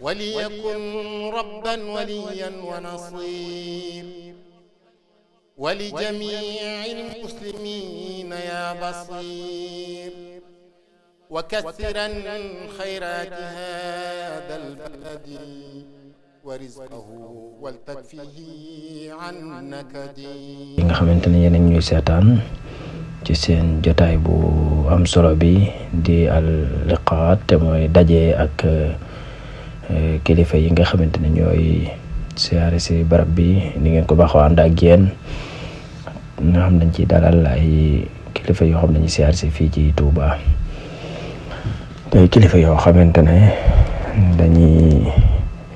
وليكن ربا وليا ونصير ولجميع المسلمين يا بصير وكثرا خيرات هذا البلد ورزقه والتكفيه عن نكدي nga xamante ne yéen ñuy seetaan ci seen jotaay bu am solo bi di al liqaat te mooy daje ak Eh, kilifa yi nga xamante ne ñooy siyaare si barab bi ni ngeen ko baaxoo ànd ak yéen nga xam nañ ci dalal ay kilifa yoo xam nañu siyaare si fii ci Touba kilifa yoo xamante ne dañuy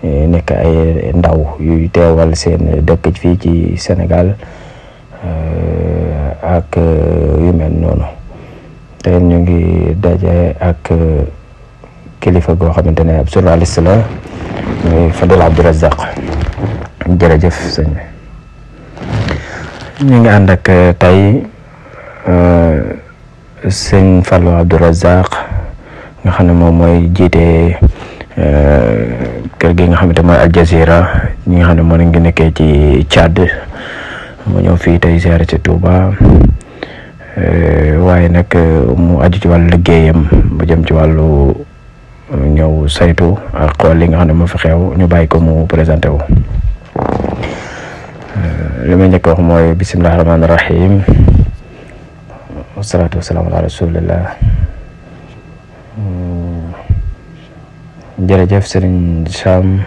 eh, nekk ay ndaw yuy teewal seen dëkk fii ci Sénégal eh, ak yu mel noonu tey ñu ngi daje ak kilifa goo xamante ne ab la muy Fadel Abdou ñu ngi ànd ak euh, tey euh, sëñ Fallou Abdou Razak nga xam ne moom mooy jiite euh, kër gi nga xamante mooy Al Jazeera ñi nga xam ne moo ngi nekkee ci Tchad mu ñëw fii tey ziare ci Touba waaye nag mu aju ci wàllu liggéeyam bu jëm ci wàllu. ñëw saytu ak xool li nga xam ne moo fi ñu bàyyi ko mu présenté wu. Euh, li ma njëkk wax mooy bisimilah rahmaani rahim wasalaatu wasalaam ala rasulillah jërëjëf Serigne Cham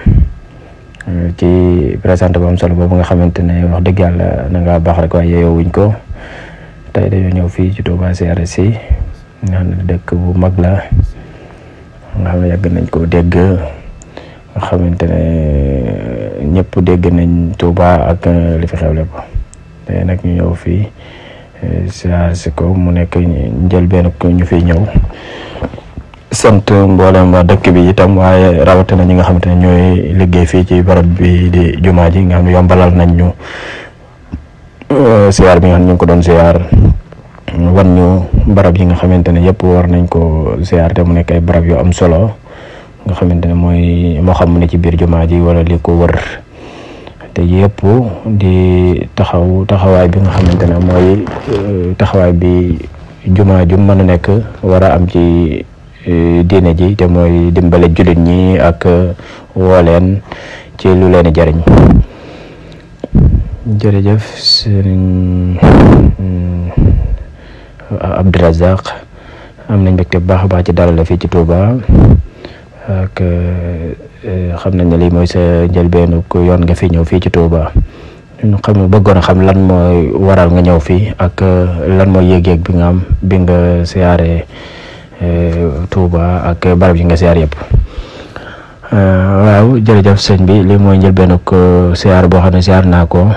ci présenté bu am solo boobu nga xamante ne wax dëgg yàlla na ngaa baax waaye yeyoo ko tey dañoo ñëw fii ci Touba si yi nga xam ne dëkk bu mag la. nga xam ne yàgg nañ ko dégg nga xamante ne ñëpp dégg nañ Touba ak euh, li fi xew lépp tey nag ñu ñëw fii euh, siyaar si ko mu nekk njëlbeen ak ñu fi ñëw sant mboolem waa dëkk bi itam waaye rawatina ñi nga xamante ne ñooy liggéey fii ci barab bi di jumaa ji nga xam ne yombalal nañ ñu euh, bi nga xam ne ko doon siyaar wan ñu barab yi nga xamante ne yëpp war nañ ko ziar te mu nekk ay barab yu am solo nga xamante ne mooy moo xam mu ne ci biir jumaa ji wala li ko wër te yëpp di taxaw taxawaay bi nga xamante ne mooy euh, taxawaay bi jumaa ju man a nekk war a am ci euh, diine ji te mooy dimbale jullit ñi ak wooleen ci lu leen jariñ jërëjëf hmm, Abdourazaq am nañ mbégte baax a baax ci dalal la fii ci Touba ak euh, xam nañ ne lii mooy sa njëlbeenu ku yoon nga fi ñëw fii ci Touba ñu xam bëggoon a xam lan mooy waral nga ñëw fii ak euh, lan mooy yéeg-yéeg bi nga am bi nga siyaare euh, tuuba ak barab yi nga siyaar yëpp. waaw jërëjëf sëñ bi lii mooy njëlbeenu ko siyaar boo xam ne siyaar naa ko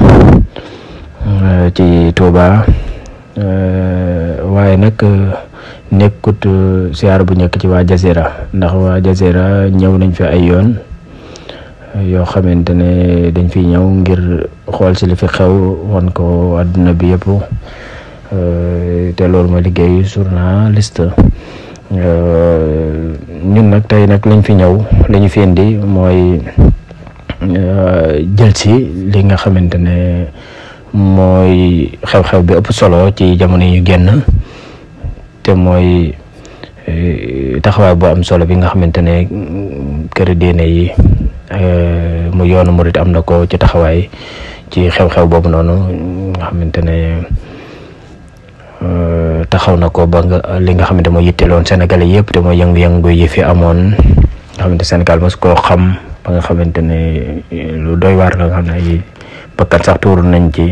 ci Touba. waaye nag euh, nekkut siyaar euh, bu nekk ci waa Jazeera ndax waa Jazeera ñëw nañ fi ay yoon yoo xamante ne fi ñëw ngir xool si la fi xew wan ko àdduna bi yëpp euh, te loolu ma liggéey journaliste ñun nag tey nag lañ fi ñëw li ñu fi indi mooy jël si li nga xamante ne mooy xew-xew bi ëpp solo ci jamono yi ñu génn te mooy eh, taxawaay bu am solo bi nga xamante ne kër diine yi eh, mu yoonu murit am na ko ci taxawaay ci xew-xew boobu noonu nga xamante ne eh, taxaw na ko ba nga li nga xamante moo yitteeloon Sénégalais yëpp te mooy yëngu-yëngu yi fi amoon nga xamante Sénégal mos koo xam ba nga xamante ne lu doy waar la nga xam ne ay sax tuuru nañ ci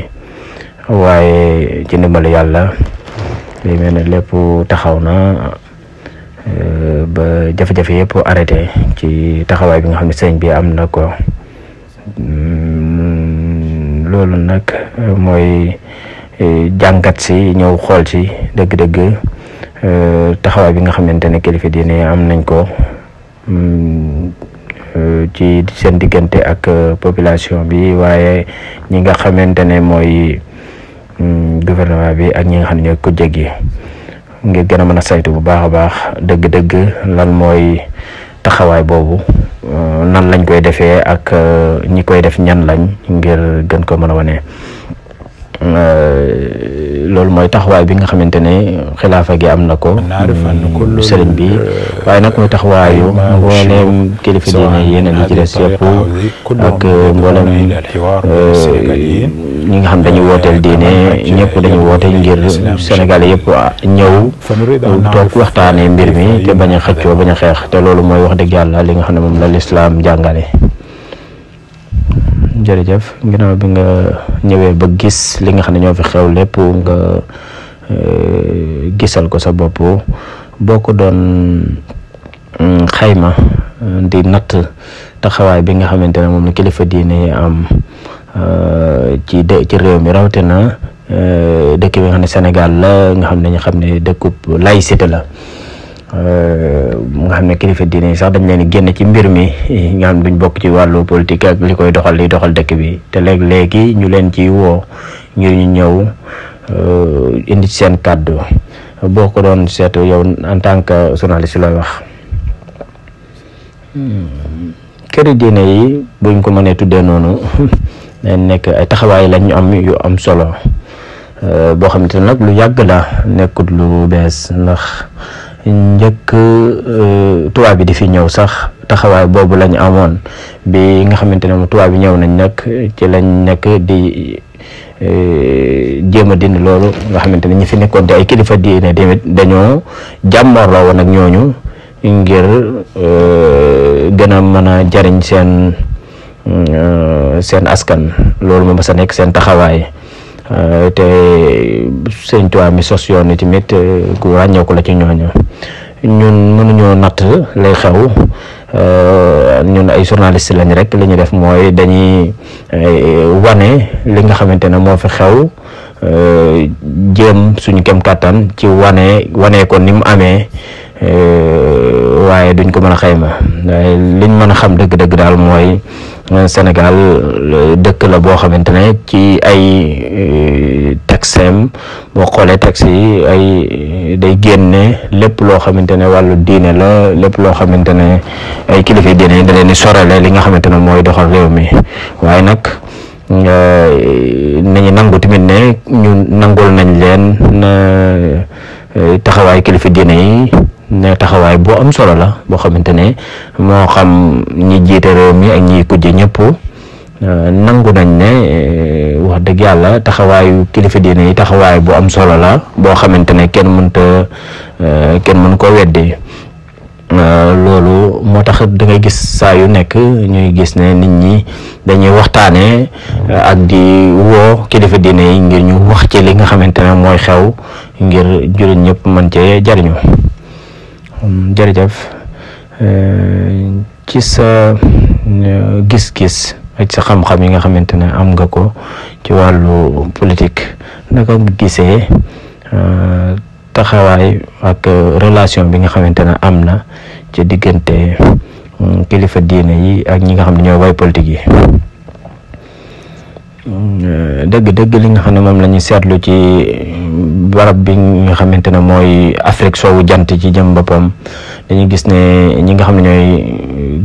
waaye ci ndimbal yàlla li mel ne lépp taxaw na euh, ba jafe-jafe yëpp arrêté ci taxawaay bi nga xam ne sëñ bi am na ko mm, loolu nag mooy euh, jàngat si ñëw xool si dëgg-dëgg euh, taxawaay bi nga xamante ne kilifa diine am nañ ko mm, ci seen diggante ak population bi waaye ñi nga xamante ne mooy gouvernement bi ak ñi nga xam ne ñoo ko jéggi ngir gën a mën a saytu bu baax a baax dëgg-dëgg lan mooy taxawaay boobu euh, nan lañ koy defee ak euh, ñi koy def ñan lañ ngir gën ko mën a wane. Euh, loolu mooy taxawaay bi nga xamante ne xilaafa gi am na ko mm, sëriñ bi euh, waaye nag mooy taxawaayu mbooleem kilifa diine yeneen yi ci des yëpp ak euh, mbooleem euh, ñi nga xam dañuy wooteel diine ñëpp dañuy woote ngir Sénégal yëpp ah, ñëw toog waxtaanee mbir mi te bañ a xëccoo bañ a xeex te loolu mooy wax dëgg yàlla li nga xam ne moom la lislaam jàngale jërëjëf ginnaaw bi nga ñëwee ba gis li nga xam ne ñoo fi xew lépp nga euh, gisal ko sa bopp boo ko doon mm, xayma euh, di natt taxawaay bi nga xamante ne moom la kilifa diine yi am euh, ci de ci réew mi rawatina dëkk bi nga xam ne senegal la nga xam ne ñu xam ne dëkkub laïcité la. Euh, nga xam ne kilifa diine sax dañ leen génn ci mbir mi nga xam ne bokk ci wàllu politique ak li koy doxal yi doxal dëkk bi te léeg-léegi ñu leen ci woo ngir ñu ñëw euh, indi ci seen kàddu boo ko doon seetu yow en tant que journaliste looy wax. Hmm. këri diine yi buñ ko mënee tuddee noonu dañ nekk ay taxawaay lañ ñu am yu am solo euh, boo xam te nag lu yàgg la nekkut lu bees ndax. njëkk euh, tubaab bi di fi ñëw sax taxawaay boobu lañu amoon bi nga xamante ne tubaab bi ñëw nañ nag ci lañ nekk di euh, jéem a dindi loolu nga xamante ne ñi fi nekkoon te ay kilifa diine tamit dañoo jàmmarloo woon ak ñooñu ngir euh, gën a mën a jariñ seen seen askan loolu moom sa nekk seen taxawaay. Euh, te sëñ Tuubaa mi sos yoon tamit ku euh, ràññeeku la ci ñooñu ñun mënuñoo natt lay xew euh, ñun ay journaliste lañ rek li ñu def mooy dañuy wane li nga xamante ne moo fi xew. Euh, jéem suñu kem kàttan ci wane wane ko ni mu amee euh, waaye duñ ko mën a xayma waaye liñ mën a xam dëgg-dëgg daal mooy euh, Sénégal dëkk la boo xamante ne ci ay texem boo xoolee texte yi ay day génne lépp loo xamante ne wàllu diine la lépp loo xamante ne ay kilifa diine da leen di sorale li nga xamante ne mooy doxal réew mi waaye nag Euh, nañu nangu tamit ne ñu nangul nañ leen na euh, taxawaay kilifa diine yi ne taxawaay boo am solo la boo xamante ne moo xam ñi jiite réew mi ak ñi kujje ñëpp euh, nangu nañ ne wax dëgg yàlla taxawaayu kilifa diine yi taxawaay bu am solo la boo xamante ne kenn mënta kenn mën koo weddi Euh, loolu moo tax da gis saa yu nekk ñuy gis ne nit ñi dañuy waxtaanee euh, ak di woo kilifa diine yi ngir ñu wax ci li nga xamante ne mooy xew ngir jullit ñëpp mën cee jariñu hmm, jërëjëf euh, ci sa gis-gis ak sa xam-xam yi nga xamante ne am nga ko ci wàllu politique naka gisee taxawaay ak euh, relation bi nga xamante ne am na ci diggante mm, kilifa diine yi ak ñi nga xam ne ñooy way politique yi dëgg-dëgg mm, euh, li nga xam ne moom lañuy seetlu ci mm, barab bi nga xamante ne mooy Afrique soowu jant ci jëm boppam dañuy gis ne ñi nga xam ne ñooy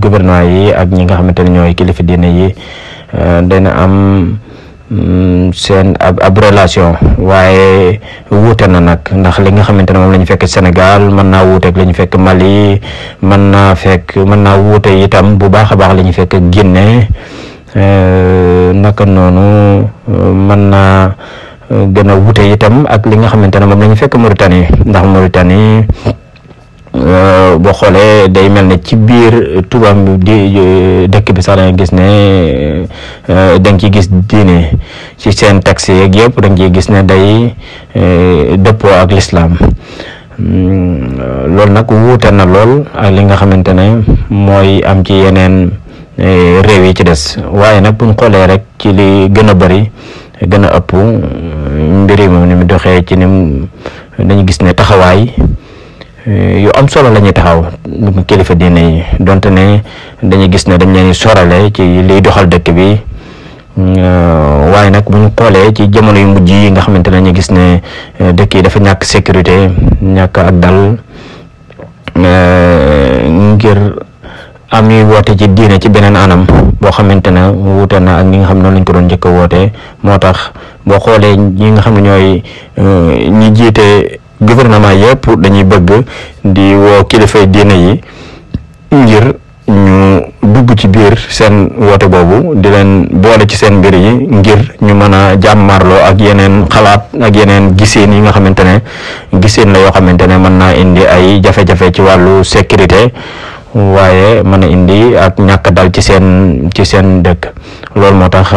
gouvernement yi ak ñi nga xamante ne ñooy kilifa diine yi euh, dana am. Mm, seen ab ab relation waaye wuute na nag ndax li nga xamante ne moom la ñu fekk Sénégal mën naa wuute la ñu fekk Mali man naa fekk mën naa wuute itam bu baax a baax la ñu fekk Guinée euh, naka noonu mën na euh, gën a wuute itam ak li nga xamante ne moom la ñu fekk Mauritanie ndax Mauritanie. Euh, boo xoolee day mel ne ci biir tubaab di dëkk bi sax da gis ne euh, danga ci ciy gis diine ci seen taxi yeeg yëpp danga nga gis ne day euh, dëppoo ak lislaam hmm, loolu nag wuute na lool ak li nga xamante ne mooy am ci yeneen réew yi ci des waaye nag buñ xoolee rek ci li gën a bari gën a ëpp hmm, mbir ni mu doxee ci ni dañu gis ne taxawaay Eh, yu am solo la ñuy taxaw kilifa diine yi donte ne dañuy gis ne dañ leen sorale ci liy doxal dëkk bi eh, waaye nag bu ñu xoolee ci jamono yu mujj yi nga xamante ne ñu gis ne eh, dëkk yi dafa ñàkk sécurité ñàkk ak dal ngir am ñuy woote ci diine ci beneen anam boo xamante ne wuute na ak ñi nga xam noonu lañ ko doon njëkk a woote moo tax boo xoolee ñi nga xam ñooy ñi jiite gouvernement yëpp dañuy bëgg di woo kilifay diine yi ngir ñu dugg ci biir seen woote boobu di leen boole ci seen mbir yi ngir ñu mën a jàmmarloo ak yeneen xalaat ak yeneen giseen yi nga xamante ne giseen la yoo xamante ne mën naa indi ay jafe-jafe ci wàllu sécurité waaye mën a indi ak ñàkk dal ci seen ci seen dëkk loolu moo tax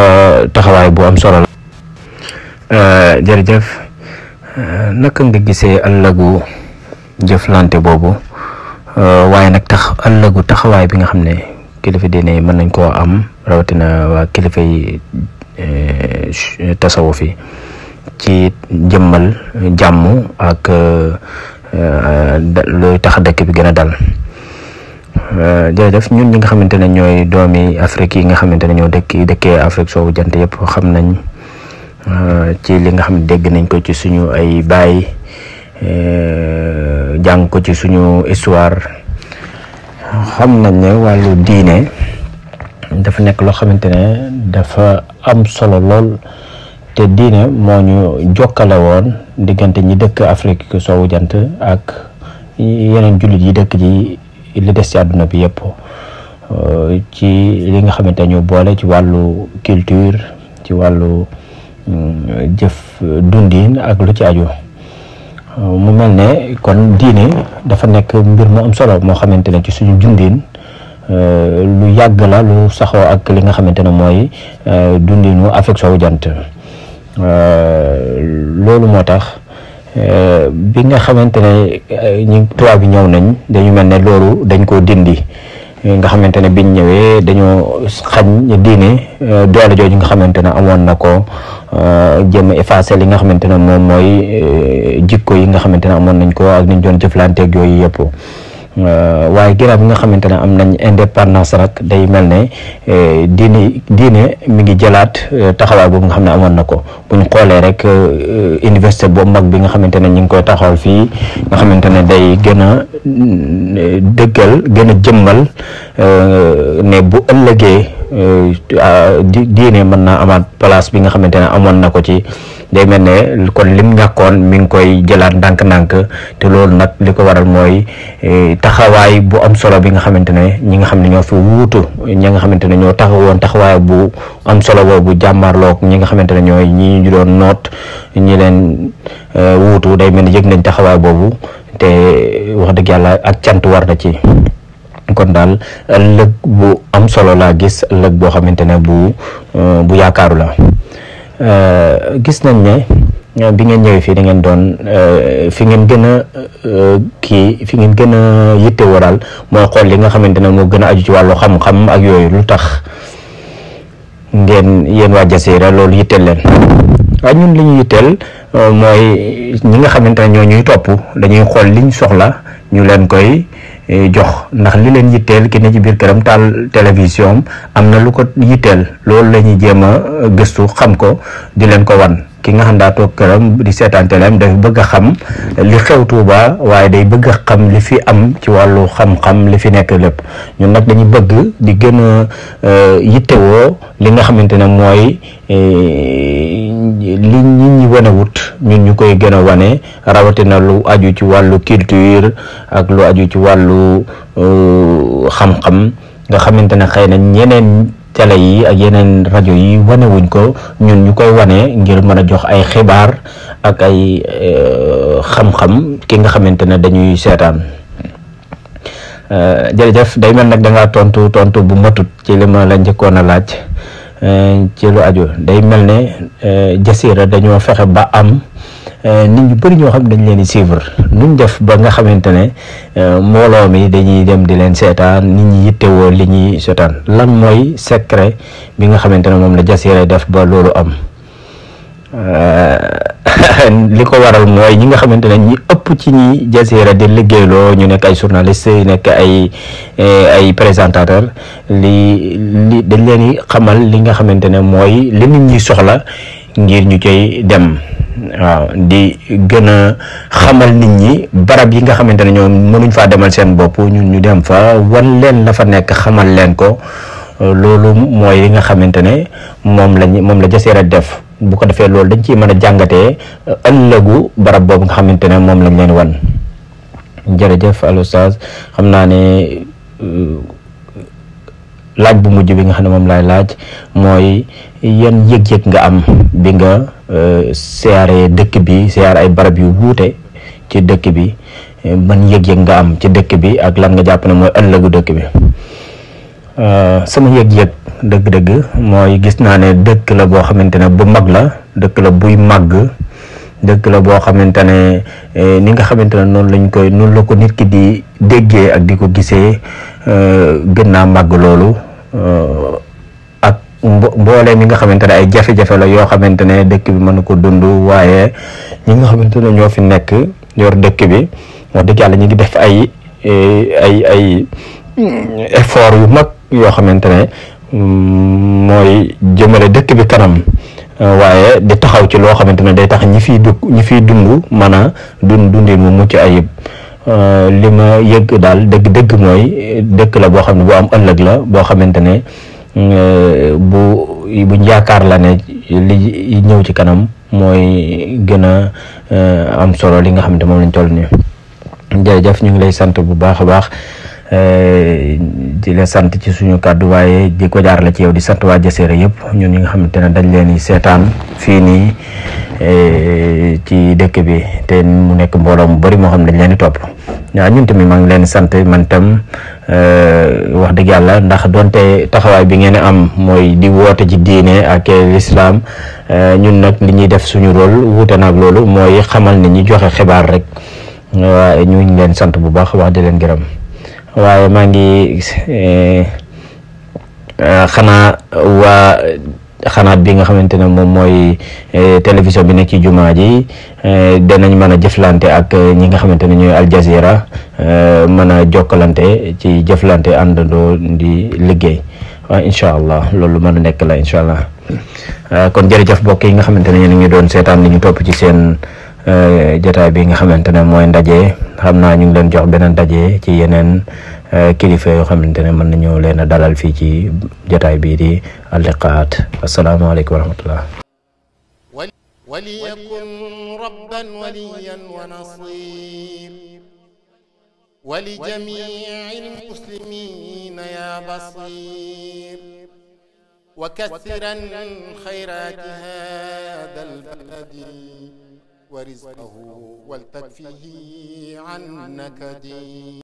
taxawaay bu am solo la euh, jërëjëf Euh, naka nga gisee ëllëgu jëflante boobu euh, waaye nag tax ëllëgu taxawaay bi nga xam ne kilifa diine yi mën nañ koo am rawatina waa kilifa yi euh, tasawuf yi ci jëmmal jàmm ak looy tax dëkk bi gën a dal def ñun ñi nga xamante ne ñooy doomi Afrique yi nga xamante ne ñoo dëkk dëkkee Afrique soowu jant yëpp xam nañ Euh, ci li nga xam dégg nañ ko ci suñu ay baay euh, jàng ko ci suñu histoire xam nañ ne wàllu diine dafa nekk loo xamante ne dafa am solo lool te diine moo ñu jokkale woon diggante ñi dëkk Afrique soowu jant ak yeneen jullit yi dëkk ci li des ci àdduna bi yëpp euh, ci li nga xamante ñu boole ci wàllu culture ci wàllu Mm, jëf euh, dundin ak lu ci aju euh, mu mel ne kon diine dafa nekk mbir mu am solo moo xamante ne ci suñu dundin euh, lu yàgg la lu saxoo ak li nga xamante ne mooy dundinu Afrique sowu jant loolu moo tax bi nga xamante ne ñi tubaab bi ñëw nañ dañu mel ne loolu dañ koo dindi nga xamante ne biñ ñëwee dañoo xañ diine euh, doole jooju nga xamante ne amoon na ko euh, jéem a effacer li nga xamante ne moom mooy euh, jikko yi nga xamante ne amoon nañ ko ak niñ doon jëflanteeg yooyu yëpp. Euh, waaye ginnaaw bi nga xamante ne am nañ indépendance nag day mel ne eh, diine diine mi ngi jëlaat eh, taxawaay boobu nga xam ne amoon na ko bu ñu xoolee rek eh, université boobu mag bi nga xamante ne ñu ngi koy taxawal fii nga xamante ne day gën a mm, dëggal gën a jëmmal ne bu ëllëgee. diine mën naa amaat place bi nga xamante ne amoon na ko ci day mel ne kon lim ñàkkoon mi ngi koy jëlaat ndànk-ndànk te loolu nag li ko waral mooy e, taxawaay bu am solo bi nga xamante ne ñi nga xam ne ñoo fi wuutu ñi nga xamante ne ñoo woon taxawaay bu am solo boobu jàmbaar jàmmarloog ñi nga xamante ne ñooy ñii ñu doon noot ñi leen e, wuutu day mel ne yëg nañ taxawaay boobu te wax dëgg yàlla ak cant war na ci. kon daal lëg bu am solo laa gis lëg boo xamante ne bu euh, bu yaakaaru la euh, gis nañ ne euh, bi ngeen ñëwee fii dangeen ngeen doon fi ngeen gën a kii fi ngeen gën a yittewoo daal mooy xool li nga xamante ne moo gën a aju ci wàllu xam-xam ak yooyu lu tax ngeen yéen waa Jazeera loolu yitteel leen waaye ñun li ñu yitteel mooy ñi nga xamante ne ñoo ñuy topp dañuy xool liñ soxla ñu leen koy. Eh, jox ndax li leen yitteel ki ne ci biir këram taal télévision am na lu ko yitteel loolu la ñuy jéem a eh, gëstu xam ko di leen ko wan ki nga xam daa toog këram di seetaan teleem daf bëgg a xam li xew Tuuba waaye day bëgg xam li fi am ci wàllu xam-xam li fi nekk lépp ñun nag dañu bëgg di gën a euh, yittewoo li nga xamante ne mooy euh, li nit ñi wane wut ñun ñu koy gën a wane rawatina lu aju ci wàllu culture ak lu aju ci wàllu euh, xam-xam nga xamante ne xëy na ñeneen télé yi ak yeneen rajo yi wane wuñ ko ñun ñu koy wane ngir mën a jox ay xibaar ak ay euh, xam-xam ki nga xamante ne dañuy seetaan euh, jërëjëf day mel nag da tontu tontu bu matut ci li ma la njëkkoon a laaj euh, ci lu ajo day mel ne jasiira dañoo fexe ba am. Euh, nit ñu bëri ñoo xam dañ leen di suivre nuñ def ba nga xamante ne euh, mbooloo mi dañuy dem di leen seetaan nit ñi yittewoo li ñuy seetaan lan mooy secret bi nga xamante ne moom la Jazeera def ba loolu am euh, li ko waral mooy ñi nga xamante ne ñi ëpp ci ñi Jazeera di liggéeyloo ñu nekk ay journaliste yi nekk ay ay présentateur li li dañ leen di xamal li nga xamante ne mooy li nit ñi soxla ngir ñu koy dem waaw di gën a xamal nit ñi barab yi nga xamante ne ñoom mënuñ faa demal seen bopp ñun ñu dem fa wan leen la fa nekk xamal leen ko loolu mooy yi nga xamante ne moom lañ moom la jaseera def bu ko defee loolu dañ ciy mën a jàngatee ëllëgu barab boobu nga xamante ne moom lañ leen wan jërëjëf al oustaz xam naa ne laaj bu mujj bi nga xam ne moom laay laaj mooy yan yëg-yëg nga am bi nga euh, siyaaree dëkk bi siyaar ay barab yu wuute ci dëkk bi euh, ban yëg-yëg nga am ci dëkk bi ak lan nga jàpp ne mooy ëllëgu dëkk bi euh, sama yëg-yëg dëgg-dëgg mooy gis naa ne dëkk la boo xamante ne bu mag la dëkk la buy màgg dëkk la boo xamante ne eh, ni nga xamante ne noonu lañ koy noonu la ko nit ki di déggee ak di ko gisee eh, gën naa màgg loolu eh, ak mbooleem yi nga xamante ne ay jafe-jafe la yoo xamante ne dëkk bi mën na ko dund waaye ñi nga xamante ne ñoo fi nekk yor dëkk bi wax dëgg yàlla ñu ngi def ay ay ay effort yu mag yoo xamante ne mm, mooy jëmale dëkk bi kanam Euh, waaye di taxaw ci loo xamante ne day tax ñi fiy dugg ñi fiy dund mën a dund dundin mu mucc ayib euh, li ma yëg daal dëgg-dëgg mooy dëkk la boo xam ne bu am ëllëg la boo xamante ne euh, bu bu yaakaar la ne ñëw ci kanam mooy gën a am solo li nga xam ne moom lañ toll nii jërëjëf ñu ngi lay sant bu baax a baax. Eh, di la sant ci suñu kàddu waaye ko jaar la ci yow di sant waa Jaseere yëpp ñun ñi nga xamante ne dañ leen di seetaan fii nii eh, ci dëkk bi te mu nekk mbooloo mu bari moo xam ne dañ leen di topp waaw ñun tamit maa ngi leen sant man tam eh, wax dëgg yàlla ndax doonte taxawaay bi ngeen am mooy di woote ci diine ak lislaam ñun nag li ñuy def suñu rôle wuute naag loolu mooy xamal ni ñi joxe xibaar rek waaye ñu ngi leen sant bu baax wax di leen gërëm. waaye maa ngi eh, ah, xanaa waa xanaat bi nga xamante ne moom mooy eh, télévision bi nekk ci jumaa ji eh, danañ mën a jëflante ak ñi nga xamante ne ñooy Al Jazeera mën a jokkalante ci jëflante àndandoo di liggéey waaw incha allah loolu mën a nekk la incha allah ah, kon jërëjëf mbokk yi nga xamante ne ñu doon seetaan li topp ci seen. Eh, jataay bi nga xamante ne mooy ndaje xam naa ñu ngi leen jox beneen ndaje ci yeneen eh, kilifa yoo xamante ne mën nañoo leen a dalal fii ci jataay bii di alliqaat asalaamaaleykum wa rahmatullah وليكن ربا وليا ونصير ولجميع المسلمين يا بصير وكثرا خيرات هذا البلد ورزقه ولتكفيه عن نكدي